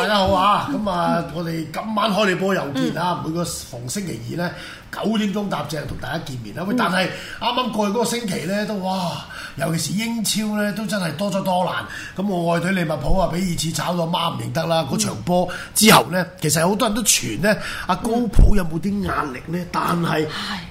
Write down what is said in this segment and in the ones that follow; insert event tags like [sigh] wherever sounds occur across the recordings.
大家好啊！咁啊，我哋今晚開你波又見啊！每個逢星期二咧，九點鐘搭正同大家見面啦。喂，但係啱啱過去嗰個星期咧，都哇，尤其是英超咧，都真係多咗多難。咁我愛隊利物浦啊，俾二次炒到媽唔認得啦！嗰場波之後咧，其實好多人都傳咧，阿高普有冇啲壓力咧？但係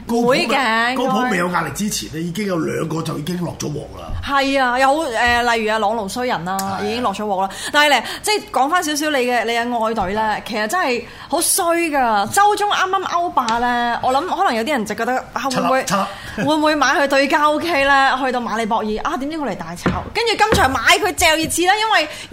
會嘅。高普未有壓力之前咧，已經有兩個就已經落咗鑊啦。係啊，有，好、呃、例如阿、啊、朗奴衰人啦、啊，啊、已經落咗鑊啦。但係咧，即係講翻少少你。你嘅你嘅愛隊咧，其實真係好衰噶。周中啱啱歐霸咧，我諗可能有啲人就覺得會唔會會唔會買佢對交 O K 咧？去到馬里博爾啊，點知佢嚟大炒，跟住今場買佢就二次啦，因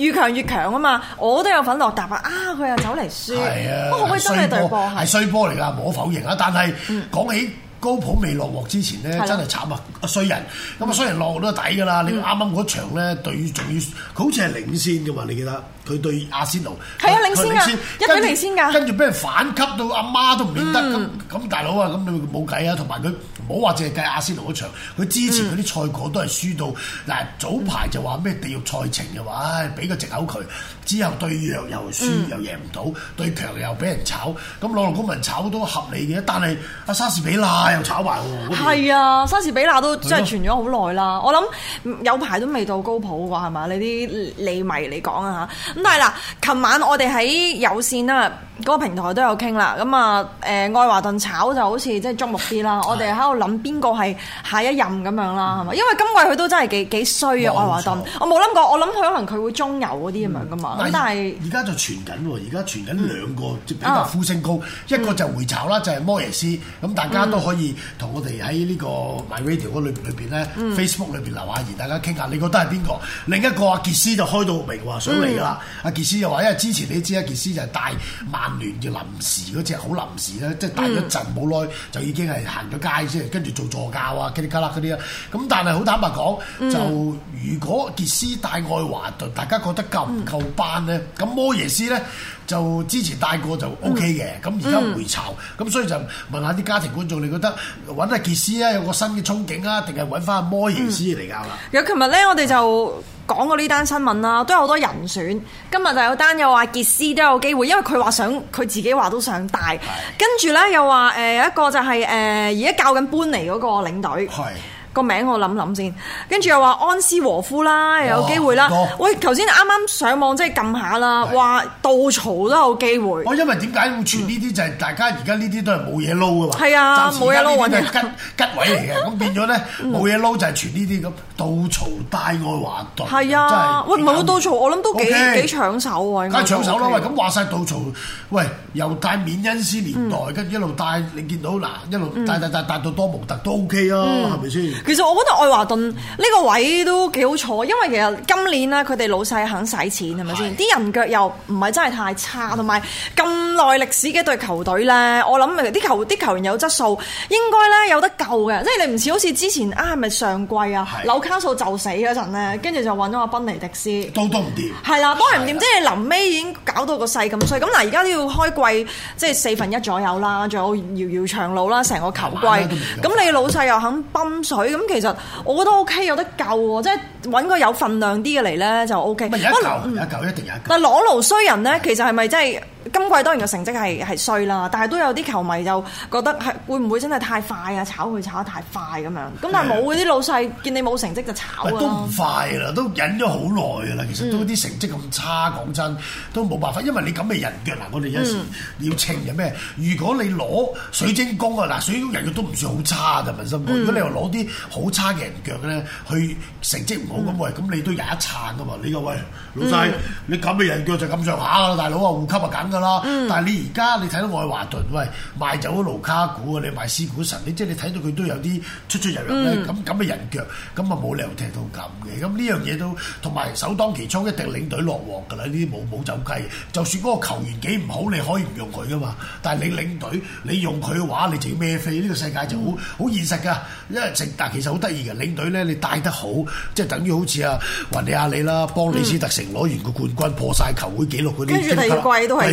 為越強越強啊嘛。我都有份落搭啊，啊佢又走嚟輸，係啊，好開心嘅對波係衰波嚟噶，冇否認啊。但係講起高普未落鑊之前咧，真係慘啊衰人。咁啊衰人落鑊都抵噶啦。你啱啱嗰場咧對仲要佢好似係領先噶嘛？你記得？佢對阿仙奴係啊領先噶一比零領先㗎，跟住俾人反級到阿媽都唔認得咁咁，大佬啊咁你冇計啊！同埋佢唔好話淨係計阿仙奴嗰場，佢之前嗰啲賽果都係輸到嗱，嗯、早排就話咩地獄賽程嘅話，唉俾個藉口佢。之後對弱又輸、嗯、又贏唔到，嗯、對強又俾人炒，咁朗奴高文炒都合理嘅，但係阿、啊、沙士比拉又炒壞喎。係、那個、啊，沙士比拉都真係傳咗好耐啦。是啊、我諗有排都未到高普喎，係咪你啲利迷嚟講啊嚇～。咁係啦，琴晚我哋喺有線啊嗰個平台都有傾啦，咁啊誒愛華頓炒就好似即係矚目啲啦，我哋喺度諗邊個係下一任咁樣啦，係嘛？因為今季佢都真係幾幾衰啊愛華頓，我冇諗過，我諗佢可能佢會中游嗰啲咁樣噶嘛。咁但係而家就傳緊喎，而家傳緊兩個即比較呼聲高，一個就回巢啦，就係摩耶斯，咁大家都可以同我哋喺呢個 MyRadio 嗰裡裡邊咧 Facebook 裏邊留下言，大家傾下，你覺得係邊個？另一個阿傑斯就開到明話想嚟啦。阿、啊、傑斯又話，因為之前你知阿、啊、傑斯就帶曼聯嘅臨時嗰隻，好臨時咧，即、就、係、是、帶咗陣冇耐，嗯、就已經係行咗街先，跟住做助教啊、吉利卡啦嗰啲啊。咁但係好坦白講，嗯、就如果傑斯帶愛華頓，大家覺得夠唔夠班咧？咁、嗯、摩耶斯咧就之前帶過就 O K 嘅，咁而家回巢，咁、嗯、所以就問下啲家庭觀眾，你覺得揾阿、啊、傑斯咧有個新嘅憧憬啊，定係揾翻阿摩耶斯嚟教啦？咁今、嗯、日咧，我哋就。嗯講過呢單新聞啦，都有好多人選。今日就有單又話傑斯都有機會，因為佢話想佢自己話都想帶。是的 跟住咧又話、呃、有一個就係誒而家教緊搬嚟嗰個領隊，是的 個名我諗諗先。跟住又話安斯和夫啦，又有機會啦。喂、哦，頭先啱啱上網即係撳下啦，話杜曹都有機會。我、哦、因為點解會傳呢啲就係大家而家呢啲都係冇嘢撈噶嘛。係啊的，冇嘢撈揾嘅吉吉位嚟嘅，咁變咗咧冇嘢撈就係傳呢啲咁。杜曹帶愛華頓，係啊。真喂，唔係我杜曹，我諗都幾 okay, 幾搶手位。梗係搶手啦、嗯，喂咁話晒杜曹，喂由帶緬恩斯年代跟住、嗯、一路帶，你見到嗱一路帶、嗯、帶帶帶到多蒙特都 OK 咯、啊，係咪先？吧其實我覺得愛華頓呢個位都幾好坐，因為其實今年啦，佢哋老細肯使錢係咪先？啲的人腳又唔係真係太差，同埋咁耐歷史嘅隊球隊咧，我諗啲球啲球員有質素，應該咧有得救嘅，即係你唔似好似之前啊，係咪上季啊的卡數就死嗰陣咧，跟住就揾咗個賓尼迪斯都都唔掂，係啦多係唔掂，即係臨尾已經搞到個勢咁衰。咁嗱，而家都要開季，即係四分一左右啦，仲有遙遙長路啦，成個球季。咁你老細又肯泵水，咁其實我覺得 OK，有得救喎。即係揾個有份量啲嘅嚟咧，就 OK。咪有一舊，有一舊，一定有一舊。但係攞路衰人咧，其實係咪真係？今季當然個成績係係衰啦，但係都有啲球迷就覺得係會唔會真係太快啊？炒佢炒得太快咁樣，咁但係冇啲老細見你冇成績就炒啊！都唔快啦，都忍咗好耐噶啦。其實都啲成績咁差，講真都冇辦法。因為你咁嘅人腳嗱，我哋有時要稱嘅咩？如果你攞水晶宮啊嗱，水晶人腳都唔算好差嘅，問心講，如果你又攞啲好差嘅人腳咧，佢成績唔好咁喂，咁你都有一撐噶嘛？你個喂老細，你咁嘅人腳就咁上下啦，大佬啊，換級啊，簡嗯、但係你而家你睇到愛華頓喂賣走咗盧卡古啊，你賣斯股神，你即係你睇到佢都有啲出出入入咧，咁咁嘅人腳，咁啊冇理由踢到咁嘅。咁呢樣嘢都同埋首當其衝一定領隊落鑊噶啦，呢啲冇冇走雞，就算嗰個球員幾唔好，你可以唔用佢噶嘛，但係你領隊你用佢嘅話，你整咩飛？呢、呢個世界就好好、嗯、現實噶，因為正但其實好得意嘅領隊咧，你帶得好，即係等於好似阿雲尼亞里啦，幫李斯特城攞完個冠軍破晒球會紀錄啲。嗯、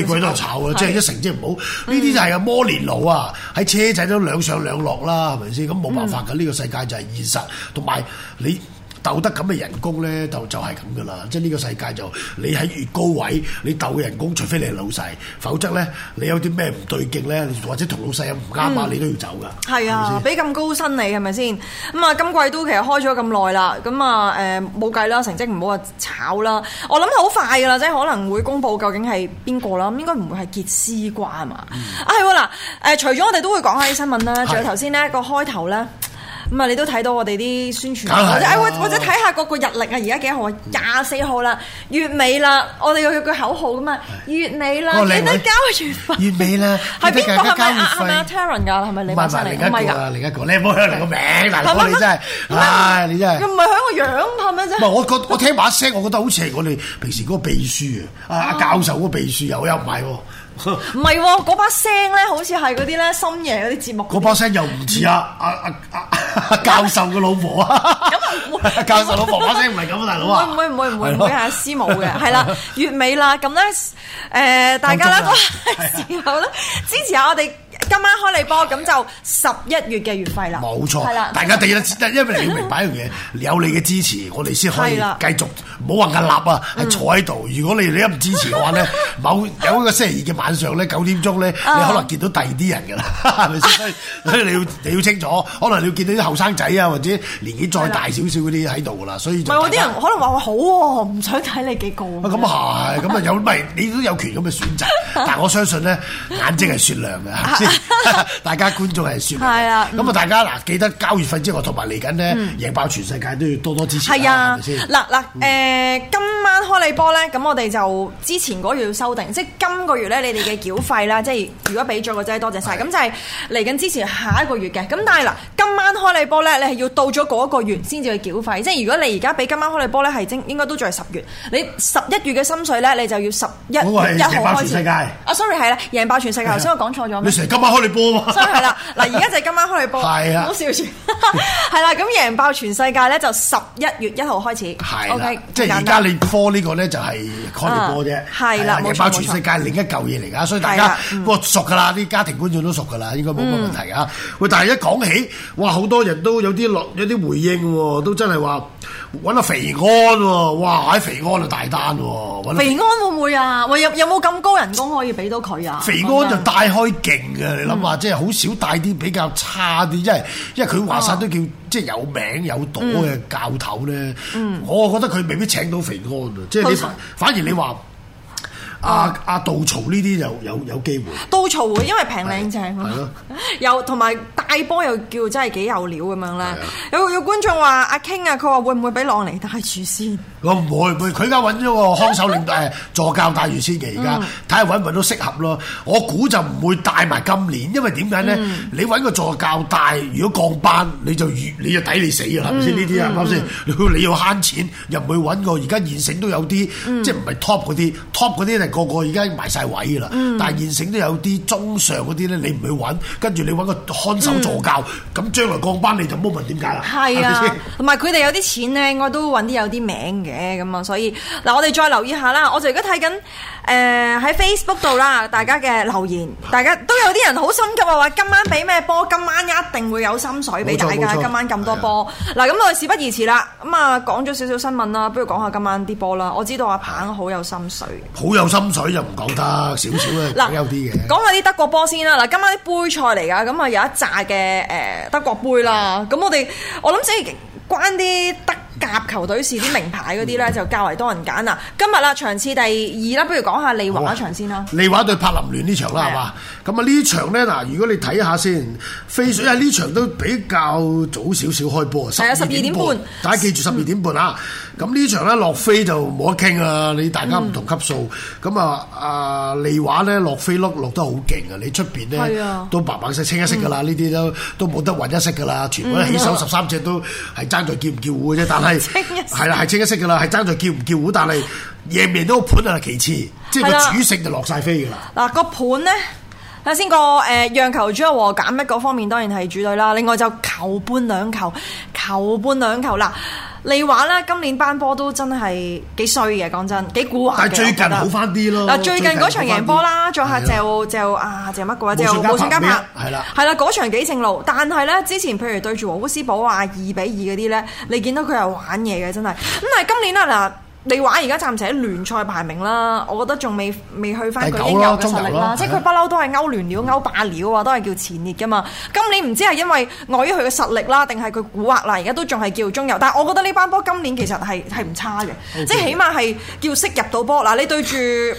跟佢 [noise] 都係炒嘅，即係的一成即係唔好。呢啲的就係個摩連奴啊，喺、嗯、車仔都兩上兩落啦，係咪先？咁冇辦法嘅，呢、嗯、個世界就係現實，同埋你。鬥得咁嘅人工咧，就就係咁噶啦，即係呢個世界就你喺越高位，你鬥嘅人工，除非你係老細，否則咧你有啲咩唔對勁咧，或者同老細有唔啱話，嗯、你都要走噶。係啊，俾咁吧高薪你係咪先？咁啊，今季都其實開咗咁耐啦，咁啊誒冇計啦，成績唔好話炒啦。我諗好快噶啦，即係可能會公佈究竟係邊個啦，咁應該唔會係傑絲瓜係嘛？嗯、啊係喎嗱，誒除咗我哋都會講下啲新聞啦，仲有頭先咧個開頭咧。咁啊！你都睇到我哋啲宣傳，或者睇下個個日曆啊！而家幾多號啊？廿四號啦，月尾啦。我哋要有句口號噶嘛，月尾啦，記得交月費，月尾啦，係邊個？係咪阿係咪 Tarin 噶？係咪你本身嚟？唔係唔係另一個啊！另一個，你唔好響嚟個名，嗱你真係，唉你真係，唔係響個樣怕咩啫？唔係，我我聽把聲，我覺得好似係我哋平時嗰個秘書啊，阿教授嗰個秘書又有埋喎。唔係，嗰把聲咧，好似係嗰啲咧深夜嗰啲節目。嗰把聲又唔似阿阿阿阿教授嘅老婆啊。教授老婆把聲唔係咁，大佬啊。唔會唔會唔會唔會係阿師母嘅。係啦、嗯，月尾啦，咁咧，誒，大家咧都係時候啦， [laughs] [laughs] [laughs] 支持下我哋。今晚開你波，咁就十一月嘅月費啦。冇錯，係啦的。大家第一，的因為你要明白一樣嘢， [laughs] 有你嘅支持，我哋先可以繼續。唔好話硬立啊，係坐喺度。如果你你一唔支持嘅話咧， [laughs] 某有嗰個星期二嘅晚上咧，九點鐘咧，你可能見到第二啲人㗎啦，係咪先？所以你要你要清楚，可能你要見到啲後生仔啊，或者年紀再大少少嗰啲喺度㗎啦。所以唔係，有啲人可能話我好喎、啊，唔想睇你幾個、啊。咁 [laughs] 係、啊，咁啊、哎、有咪？你都有權咁嘅選擇，但係我相信咧，眼睛係雪亮嘅， [laughs] 大家觀眾係算，係啊，咁啊，大家嗱記得交月費之後同埋嚟緊呢贏爆全世界都要多多支持。係啊，係咪先？嗱嗱誒，今晚開你波呢，咁我哋就之前嗰月要收定，即係今個月呢，你哋嘅繳費啦，即係如果俾咗嘅真係多謝晒。咁就係嚟緊之前下一個月嘅。咁但係嗱，今晚開你波呢，你係要到咗嗰一個月先至去繳費。即係如果你而家俾今晚開你波呢，係應應該都仲係十月。你十一月嘅薪水呢，你就要十一月一號開始。啊，sorry，係啦，贏爆全世界。頭先我講錯咗。開你波啊嘛， [laughs] 所以係啦，嗱，而家就係今晚開你波，係 [laughs] 是啊， [laughs] [laughs] 啊，好笑住，係啦，咁贏爆全世界咧，就十一月一號開始，係，O K，即係而家你 call 呢個咧，就係開你波啫，係啦、啊，贏、啊啊、錯爆全世界另一嚿嘢嚟噶，所以大家，我、啊嗯、熟噶啦，啲家庭觀眾都熟噶啦，應該冇乜問題啊，喂，嗯、但係一講起，哇，好多人都有啲落，有啲回應喎，都真係話。搵阿肥安喎，哇，喺肥安啊大單喎，肥安、啊啊、肥肥安會唔會啊？喂，有有冇咁高人工可以俾到佢啊？肥安就帶開勁嘅、啊，嗯、你諗下，即係好少帶啲比較差啲，即係因為佢話晒都叫、哦、即係有名有朵嘅教頭咧。嗯，我覺得佢未必請到肥安啊，嗯、即係你反、嗯、反而你話。嗯嗯阿阿杜曹呢啲有有有機會，杜曹會，因為平靚正咯，又同埋大波又叫真係幾有料咁樣咧。啊、有有觀眾話：阿 King 啊，佢話、啊、會唔會俾朗尼帶住先？我唔會，佢而家揾咗個看守領隊誒助教帶住先嘅。而家，睇下揾唔揾到適合咯。我估就唔會帶埋今年，因為點解咧？你揾個助教帶，如果降班，你就越你就抵你死啊，係咪先？呢啲啊，啱先，你要慳錢，又唔去揾個。而家現成都有啲，即係唔係 top 嗰啲？top 嗰啲係個個而家埋晒位噶啦。但係現成都有啲中上嗰啲咧，你唔去揾，跟住你揾個看守助教，咁將來降班你就唔好問點解啦。係啊，同埋佢哋有啲錢咧，我都揾啲有啲名嘅。誒咁啊，所以嗱，我哋再留意下啦。我就而家睇緊誒喺 Facebook 度啦，大家嘅留言，大家都有啲人好心急啊！話今晚俾咩波，今晚一定會有心水俾大家。今晚咁多波，嗱咁我哋事不宜遲啦。咁啊，講咗少少新聞啦，不如講下今晚啲波啦。我知道阿鵬，好有心水，好有心水又唔講得少少咧，有啲嘅。講下啲德國波先啦。嗱，今晚啲杯賽嚟㗎，咁啊有一扎嘅誒德國杯啦。咁我哋我諗即係關啲德。甲球隊是啲名牌嗰啲咧， [laughs] 就較為多人揀啦。今日啦，啊，場次第二啦，不如講下利華嗰場先啦，啊。利華對柏林聯的呢場啦，係嘛？咁啊，呢場咧嗱，如果你睇下先，飛水啊，呢場都比較早少少開波啊，十二點，點半。大家記住十二點半啊！嗯咁呢、嗯、場咧，落飛就冇得傾啦！你大家唔同級數，咁、嗯嗯、啊，啊利華咧落飛碌落得好勁啊！你出邊咧都白白色清一色噶啦，呢啲都都冇得混一色噶啦，全部起手十三隻都係爭在叫唔叫糊嘅啫。但係係啦，係清一色噶啦，係爭在叫唔叫糊。但係夜面嗰盤啊，其次，即係個主食就落晒飛噶啦。嗱個、啊、盤咧，首先個誒讓球主和減一嗰方面當然係主隊啦，另外就球半兩球，球半兩球啦。喇你話咧，今年班波都真係幾衰嘅，講真，幾古怪，但最近好翻啲咯。嗱，最近嗰場贏波啦，再下就就啊，就乜鬼，就冇線加碼，係啦，係啦，嗰場幾正路。但係咧，之前譬如對住烏斯堡啊，二比二嗰啲咧，你見到佢係玩嘢嘅，真係。咁但係今年啊嗱。啦你話而家暫時喺聯賽排名啦，我覺得仲未未去翻佢應有嘅實力啦，啦即係佢不嬲都係歐聯料、嗯、歐霸料啊，都係叫前列嘅嘛。今年唔知係因為礙於佢嘅實力啦，定係佢蠱惑啦，而家都仲係叫中游。但係我覺得呢班波今年其實係係唔差嘅，嗯 okay、即係起碼係叫識入到波嗱。你對住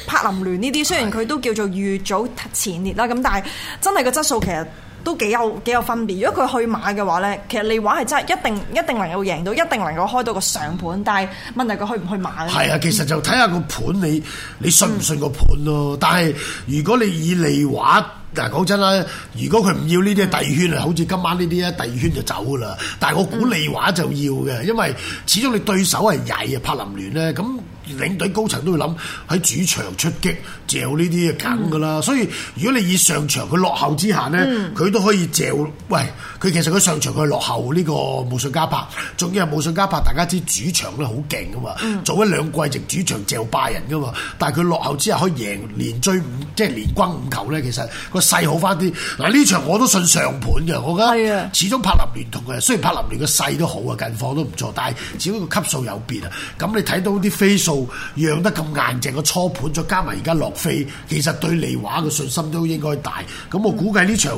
柏林聯呢啲，雖然佢都叫做預早前列啦，咁但係真係個質素其實。都幾有幾有分別。如果佢去馬嘅話咧，其實利華係真係一定一定能夠贏到，一定能夠開到個上盤。但係問題佢去唔去馬咧？係啊，其實就睇下個盤你你信唔信個盤咯、啊。嗯、但係如果你以利華嗱講、啊、真啦，如果佢唔要呢啲第二圈啊，好似今晚呢啲咧，第二圈就走噶啦。但係我估利華就要嘅，嗯、因為始終你對手係曳啊，柏林聯咧咁。領隊高層都會諗喺主場出擊，嚼呢啲梗㗎啦。嗯、所以如果你以上場佢落後之下呢，佢都、嗯、可以嚼。喂佢其實佢上場佢落後呢、呢個慕遜加柏，仲要係慕遜加柏。大家知主場都好勁㗎嘛。做、嗯、一兩季直主場嚼拜仁㗎嘛。但係佢落後之後可以贏連追五，即係連轟五球呢。其實個勢好翻啲嗱。呢場我都信上盤嘅，我覺得始終柏林聯同佢，雖然柏林聯嘅勢都好啊，近況都唔錯，但係只不過級數有別啊。咁你睇到啲飛數。讓得咁硬淨個初盤，再加埋而家落飛，其實對利華嘅信心都應該大。咁我估計呢場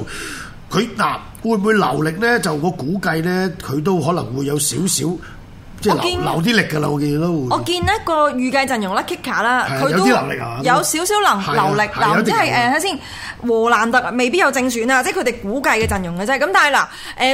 佢嗱、啊、會唔會留力呢？就我估計呢，佢都可能會有少少。我見留啲力噶啦，我見都。我見一個預計陣容啦，Kicker 啦，佢都有少少能流力。嗱，即係誒睇先，和蘭特未必有正選啊，即係佢哋估計嘅陣容嘅啫。咁但係嗱，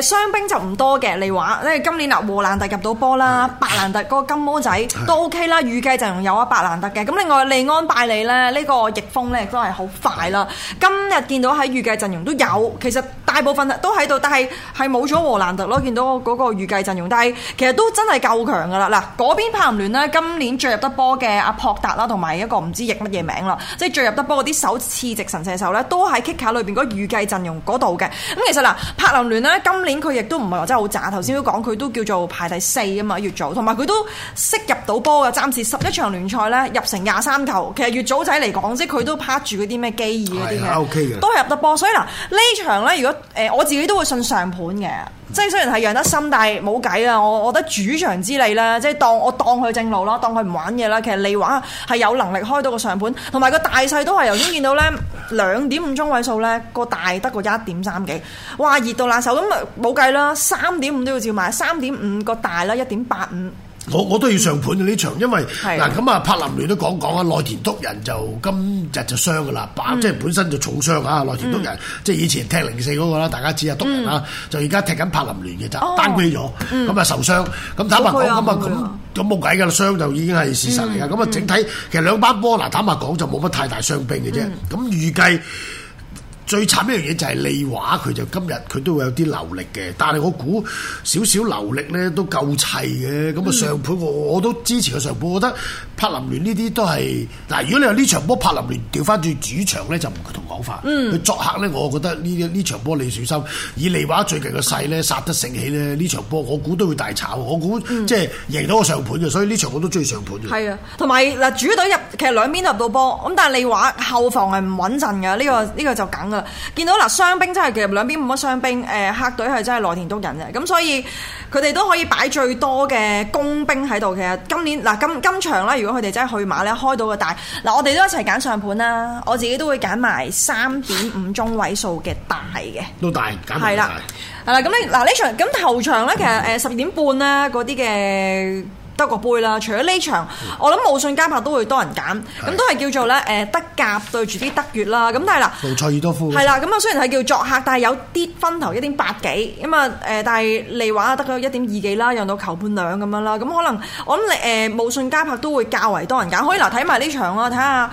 誒傷兵就唔多嘅。你話今年嗱，和蘭特入到波啦，白蘭特個金毛仔都 OK 啦。預計陣容有啊，白蘭特嘅。咁另外利安拜利咧，呢個翼鋒咧亦都係好快啦。今日見到喺預計陣容都有，其實大部分都喺度，但係係冇咗和蘭特咯。見到嗰個預計陣容，但係其實都真係夠好強噶啦！嗱，嗰邊柏林聯呢，今年最入得波嘅阿博達啦，同埋一個唔知譯乜嘢名啦，即係最入得波嗰啲首次直神射手呢，都喺 kick 卡裏邊嗰預計陣容嗰度嘅。咁其實嗱，柏林聯呢，今年佢亦都唔係話真係好渣。頭先都講佢都叫做排第四啊嘛，月組同埋佢都識入到波嘅。暫時十一場聯賽呢，入成廿三球。其實月組仔嚟講，即係佢都拍住嗰啲咩機遇嗰啲嘅，的都係入得波。的所以嗱，呢場呢，如果誒、呃，我自己都會信上盤嘅。即係雖然係贏得心，但係冇計啊！我覺得主場之利咧，即係當我當佢正路啦，當佢唔玩嘢啦。其實你話係有能力開到個上盤，同埋個大細都係由先見到呢兩點五中位數呢個大得個一點三幾，哇熱到爛手咁啊，冇計啦，三點五都要照埋，三點五個大啦一點八五。我我都要上盤啊！呢場，因為嗱咁啊，柏林聯都講講啊，內田篤人就今日就傷噶啦，即係本身就重傷啊！內田篤人即係以前踢零四嗰個啦，大家知啊篤人啊，就而家踢緊柏林聯嘅咋單拖咗，咁啊受傷，咁坦白講，咁啊咁咁冇計噶啦，傷就已經係事實嚟噶，咁啊整體其實兩班波嗱，坦白講就冇乜太大傷兵嘅啫，咁預計。最慘一樣嘢就係利華，佢就今日佢都會有啲流力嘅，但係我估少少流力咧都夠砌嘅。咁啊、嗯、上盤我，我我都支持佢。上盤，我覺得柏林聯呢啲都係嗱，如果你話呢場波柏林聯調翻轉主場咧，就唔同講法。佢、嗯、作客咧，我覺得呢呢場波你小心。以利華最近嘅勢咧，殺得盛起咧，呢場波我估都會大炒。我估即係贏到個上盤嘅，所以呢場我都鍾意上盤、嗯。係啊，同埋嗱主隊入，其實兩邊都入到波，咁但係利華後防係唔穩陣嘅，呢、呢個呢、呢個就緊。見到嗱傷兵真係其實兩邊冇乜傷兵，誒、呃、客隊係真係內田篤人嘅。咁所以佢哋都可以擺最多嘅工兵喺度。其實今年嗱、呃、今今場咧，如果佢哋真係去馬咧，開到個大嗱、呃，我哋都一齊揀上盤啦。我自己都會揀埋三點五中位數嘅大嘅，都大揀，係啦，係啦。咁咧嗱呢場咁頭場咧，其實誒十二點半啦，嗰啲嘅。德國杯啦，除咗呢場，嗯、我諗無信加柏都會多人揀，咁是的 都係叫做咧，誒、呃、德甲對住啲德乙啦，咁但係嗱，魯塞爾多夫，係啦，咁啊雖然係叫作客，但係有啲分頭一點八幾，咁啊誒，但係利華得咗一點二幾啦，讓到球半兩咁樣啦，咁可能我諗誒無信加柏都會較為多人揀，嗯、可以嗱睇埋呢場啊，睇下。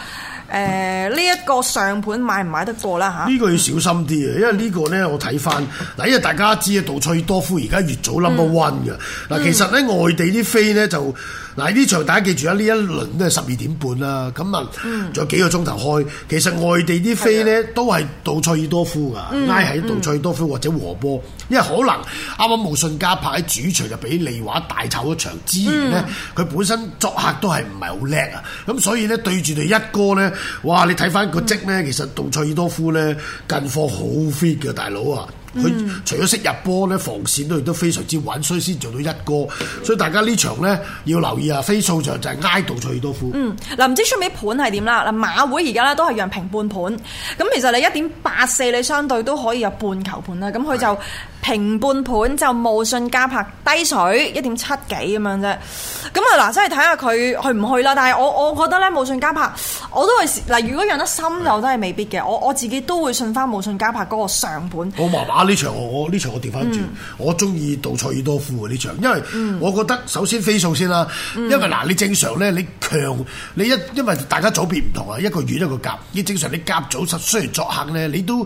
誒，呢一、呃這個上盤買唔買得過啦？嚇、啊，呢個要小心啲嘅，因為個呢個咧我睇翻嗱，因為大家知啊，杜塞多夫而家越早 number one 嘅嗱，嗯、其實咧外地啲飛咧就。嗱，呢場大家記住啦，呢一輪都係十二點半啦，咁啊仲有幾個鐘頭開。其實外地啲飛咧都係杜塞爾多夫噶，挨喺、嗯、杜塞爾多夫或者和波，嗯、因為可能啱啱無信加派喺主場就畀利華大炒一場，自然咧佢本身作客都係唔係好叻啊。咁所以咧對住佢一哥咧，哇！你睇翻個績咧，嗯、其實杜塞爾多夫咧近況好 fit 嘅大佬啊。佢除咗識入波咧，防線都亦都非常之穩，所以先做到一哥。所以大家呢場咧要留意啊，飛數場就係挨到翠多夫。嗯，嗱唔知出面盤係點啦？嗱馬會而家咧都係讓平半盤，咁其實你一點八四你相對都可以入半球盤啦。咁佢就。平半盤就慕遜加柏，低水一點七幾咁樣啫，咁啊嗱，真係睇下佢去唔去啦。但係我我覺得咧慕遜加柏我都係嗱，如果讓得深就都係未必嘅。我我自己都會信翻慕遜加柏嗰個上盤。我麻麻呢場我呢場我調翻轉，嗯、我中意杜塞爾多夫啊呢場，因為我覺得、嗯、首先飛數先啦，因為嗱你正常咧你強你一因為大家組別唔同啊，一個乙一個甲，正常你甲組實雖然作客咧，你都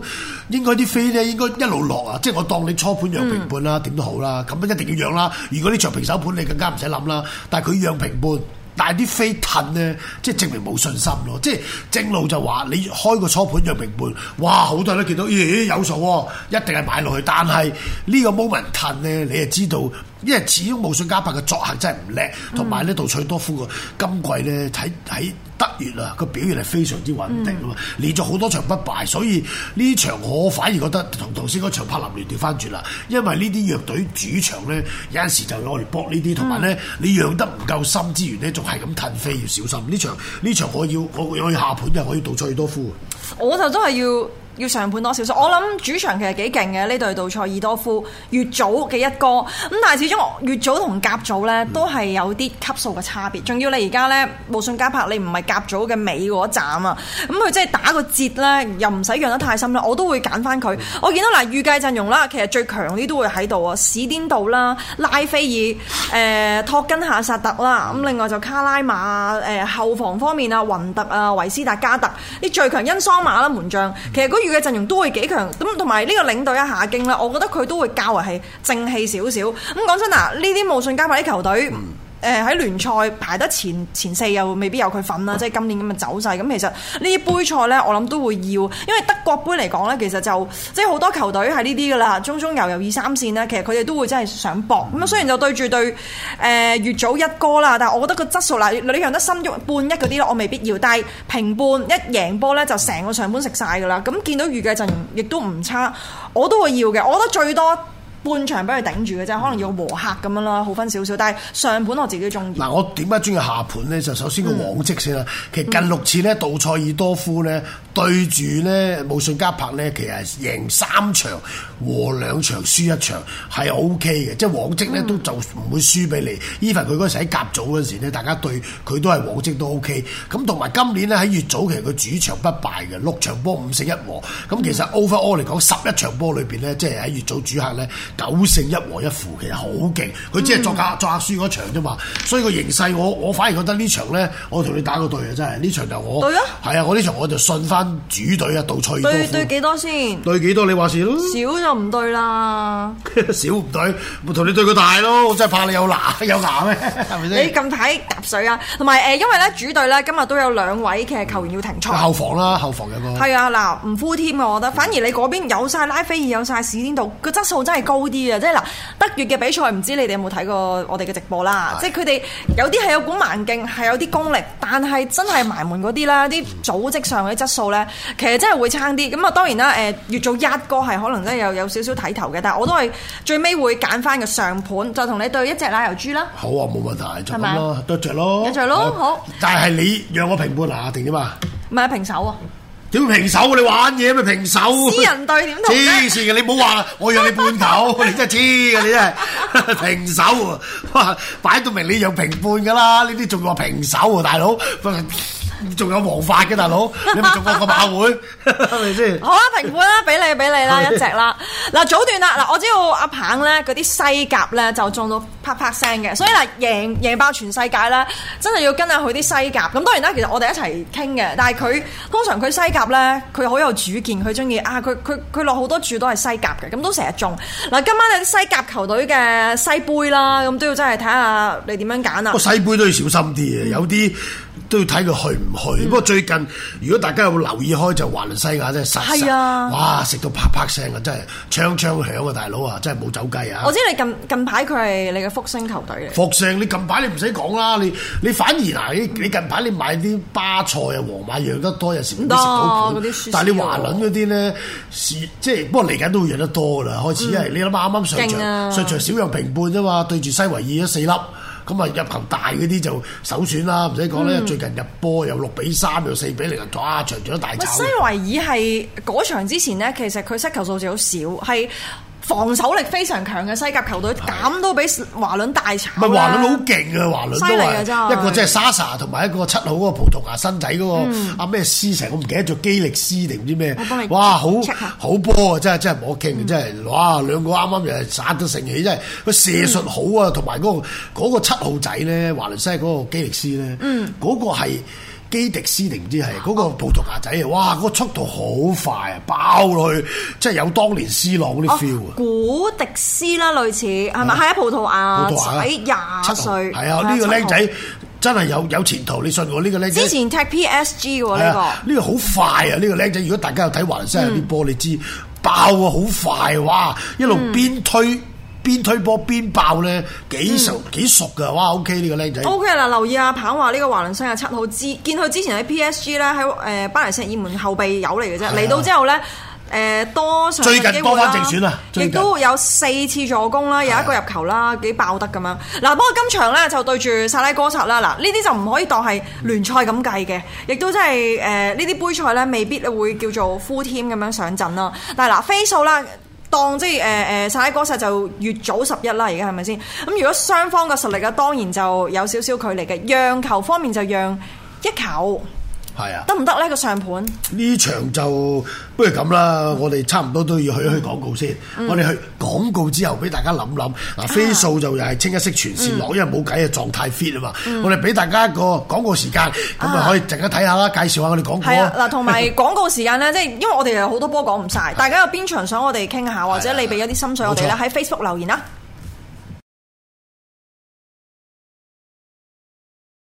應該啲飛咧應該一路落啊，即係我當你。初盤讓平半啦，點都好啦，咁一定要讓啦。如果你着平手盤，你更加唔使諗啦。但係佢讓平半，但係啲飛褪咧，即係證明冇信心咯。即係正路就話你開個初盤讓平半，哇！好多人都見到咦、欸欸、有數喎、哦，一定係買落去。但係呢個 moment 褪咧，你就知道，因為始終冇信加伯嘅作客真係唔叻，同埋呢度，取多夫嘅今季咧睇睇。月啦，個、嗯、表現係非常之穩定啊嘛，連續好多場不敗，所以呢場我反而覺得同頭先嗰場柏林聯掉翻轉啦。因為呢啲弱隊主場咧，有陣時就攞嚟搏呢啲，同埋咧你養得唔夠深之餘咧，仲係咁騰飛，要小心。呢場呢場我要我我要下盤，可以要杜塞爾多夫，我就都係要。要上盤多少少？我諗主場其實幾勁嘅呢隊杜塞爾多夫，乙組嘅一哥咁，但係始終乙組同甲組呢都係有啲級數嘅差別。仲要你而家呢，無信加拍，你唔係甲組嘅尾嗰一站啊！咁佢即係打個折呢，又唔使讓得太深咧，我都會揀翻佢。我見到嗱、呃、預計陣容啦，其實最強啲都會喺度啊！史甸道啦、拉菲爾、誒、呃、托根夏薩特啦，咁另外就卡拉馬誒、呃、後防方面啊，雲特啊、維斯達加特，啲最強因桑馬啦門將，其實、嗰個佢嘅陣容都會幾強咁，同埋呢個領隊一下勁啦，我覺得佢都會較為係正氣少少。咁講真嗱，呢啲無信加埋啲球隊。嗯誒喺、呃、聯賽排得前，前四又未必有佢份啦，即係今年咁嘅走勢。咁其實呢啲杯賽呢，我諗都會要，因為德國杯嚟講呢，其實就即係好多球隊係呢啲噶啦，中中游游二三線呢，其實佢哋都會真係想搏。咁啊，雖然就對住對誒乙組一哥啦，但係我覺得個質素啦，你讓得深喐半一嗰啲，我未必要。但係平半一贏波呢，就成個上盤食晒噶啦。咁見到預計陣亦都唔差，我都會要嘅。我覺得最多。半場俾佢頂住嘅啫，可能要和黑咁樣啦，好分少少。但係上盤我自己中意。嗱，我點解中意下盤咧？就首先個往績先啦，嗯、其實近六次咧到塞爾多夫咧。對住咧，無信加柏咧，其實贏三場和兩場輸一場係 O K 嘅，即係往績咧都就唔會輸俾你。even 佢陣時喺甲組嗰時咧，大家對佢都係往績都 OK。咁同埋今年咧喺越早其實佢主場不敗嘅六場波五勝一和。咁其實 over all 嚟講十一場波裏邊咧，即係喺越早主客咧九勝一和一負其實好勁，佢只係作客、嗯、作客輸嗰場啫嘛。所以個形勢我我反而覺得場呢場咧，我同你打個對啊真係呢場就我對啊呀，係啊我呢場我就信翻。主隊一度吹多對，對多對幾多先？對幾多？你話少？少就唔對啦。少唔 [laughs] 對，我同你對個大咯。我真係怕你有牙有牙咩？係咪先？你近排踏水啊？同埋誒，因為咧主隊咧今日都有兩位嘅球員要停賽，嗯嗯，後防啦，後防有個係啊嗱，唔敷添，我覺得。反而你嗰邊有晒拉菲爾，有晒史天道，個質素真係高啲啊！即係嗱，德月嘅比賽唔知你哋有冇睇過我哋嘅直播啦？的即係佢哋有啲係有股蠻勁，係有啲功力，但係真係埋門嗰啲啦，啲 [laughs] 組織上嘅質素。其實真係會差啲，咁啊當然啦，誒，越早一哥係可能咧有有少少睇頭嘅，但係我都係最尾會揀翻個上盤，就同你對一隻奶油豬啦。好啊，冇問題，係咪啊？得着咯，得着咯，好。但係你讓我平半下定啫嘛。唔係平手啊？點平手啊？你玩嘢咪平手？黐人對點同？黐線嘅你冇話，我讓你半頭，你真係黐㗎你真係平手哇！擺到明你讓平半噶啦，呢啲仲話平手啊，大佬。仲有王法嘅大佬，你仲中個馬會，係咪先？好啦、啊，評判啦，俾你俾你啦，一隻啦。嗱， [laughs] 早段啦，嗱，我知道阿棒咧，嗰啲西甲咧就中到啪啪聲嘅，所以嗱，贏贏爆全世界啦！真係要跟下佢啲西甲。咁當然啦，其實我哋一齊傾嘅，但係佢通常佢西甲咧，佢好有主見，佢中意啊，佢佢佢落好多注都係西甲嘅，咁都成日中。嗱，今晚有啲西甲球隊嘅西杯啦，咁都要真係睇下你點樣揀啊！個西杯都要小心啲嘅，有啲。都要睇佢去唔去，不過、嗯、最近如果大家有冇留意開就是、華倫西亞真係殺殺，是啊、哇食到啪啪聲啊，真係槍槍響啊，大佬啊，真係冇走雞啊！我知你近近排佢係你嘅福星球隊、嘅福星，你近排你唔使講啦，你你反而嗱，你你近排你買啲巴塞啊、皇馬贏得多，有時唔食嗰啲，但係你華倫嗰啲咧即係，不過嚟緊都會贏得多噶啦，開始係、嗯、你諗下啱啱上場害、啊、上場少又平半啫嘛，對住西維爾一四粒。咁啊入球大嗰啲就首選啦，唔使講啦。最近入波又六比三又四比零，啊，哇場場都大炒。西維爾係嗰場之前咧，其實佢失球數字好少，係。防守力非常強嘅西甲球隊，咁都比華倫大炒啊！咪華倫好勁啊！華倫都係一個即係 s a s a 同埋一個七號嗰個葡萄牙新仔嗰、那個阿咩斯成，我唔記得做基力斯定唔知咩？哇，好好波啊！真係真係摸鏡，真係、嗯、哇！兩個啱啱又殺咗成起，真係佢射術好啊！同埋嗰個、那個七號仔咧，華倫西嗰個基力斯咧，嗰、那個係。嗯嗯基迪斯定唔知係嗰、那個葡萄牙仔啊！哇，嗰、那個速度好快啊，爆落去，即係有當年 C 朗嗰啲 feel 啊！古迪斯啦，類似係咪？係啊，葡萄牙，葡萄牙紅紅啊，廿七歲，係啊，呢紅個僆仔真係有有前途，你信我、啊、呢、這個僆仔。之前踢 PSG 嘅呢個，呢個好快啊！呢、這個僆仔，如果大家有睇華倫西亞啲波，嗯、你知爆啊，好快哇！一路邊推。嗯邊推波邊爆咧？幾熟、嗯、幾熟噶？哇！OK，呢個靚仔。OK 嗱、okay，留意阿鵬話呢個華倫西亞七號之，見佢之前喺 PSG 咧，喺誒、呃、巴黎聖爾門後備友嚟嘅啫。嚟的到之後咧，誒、呃、多上最近多返正選啊，亦都有四次助攻啦，有一個入球啦，幾的爆得咁樣。嗱，不過今場咧就對住薩拉哥薩啦。嗱，呢啲就唔可以當係聯賽咁計嘅，亦都真係誒呢啲杯賽咧，未必會叫做 full team 咁樣上陣啦。但係嗱，飛數啦。當即係誒誒，曬果實就越早十一啦，而家係咪先？咁如果雙方嘅實力啊，當然就有少少距離嘅。讓球方面就讓一球。係啊，得唔得呢？個上盤？呢場就不如咁啦，我哋差唔多都要去一去廣告先。我哋去廣告之後，俾大家諗諗。嗱，飛數就又係清一色全線落，因為冇計啊，狀態 fit 啊嘛。我哋俾大家一個廣告時間，咁啊可以陣間睇下啦，介紹下我哋廣告啊。嗱，同埋廣告時間咧，即係因為我哋有好多波講唔晒，大家有邊場想我哋傾下，或者你俾一啲心水我哋咧，喺 Facebook 留言啦。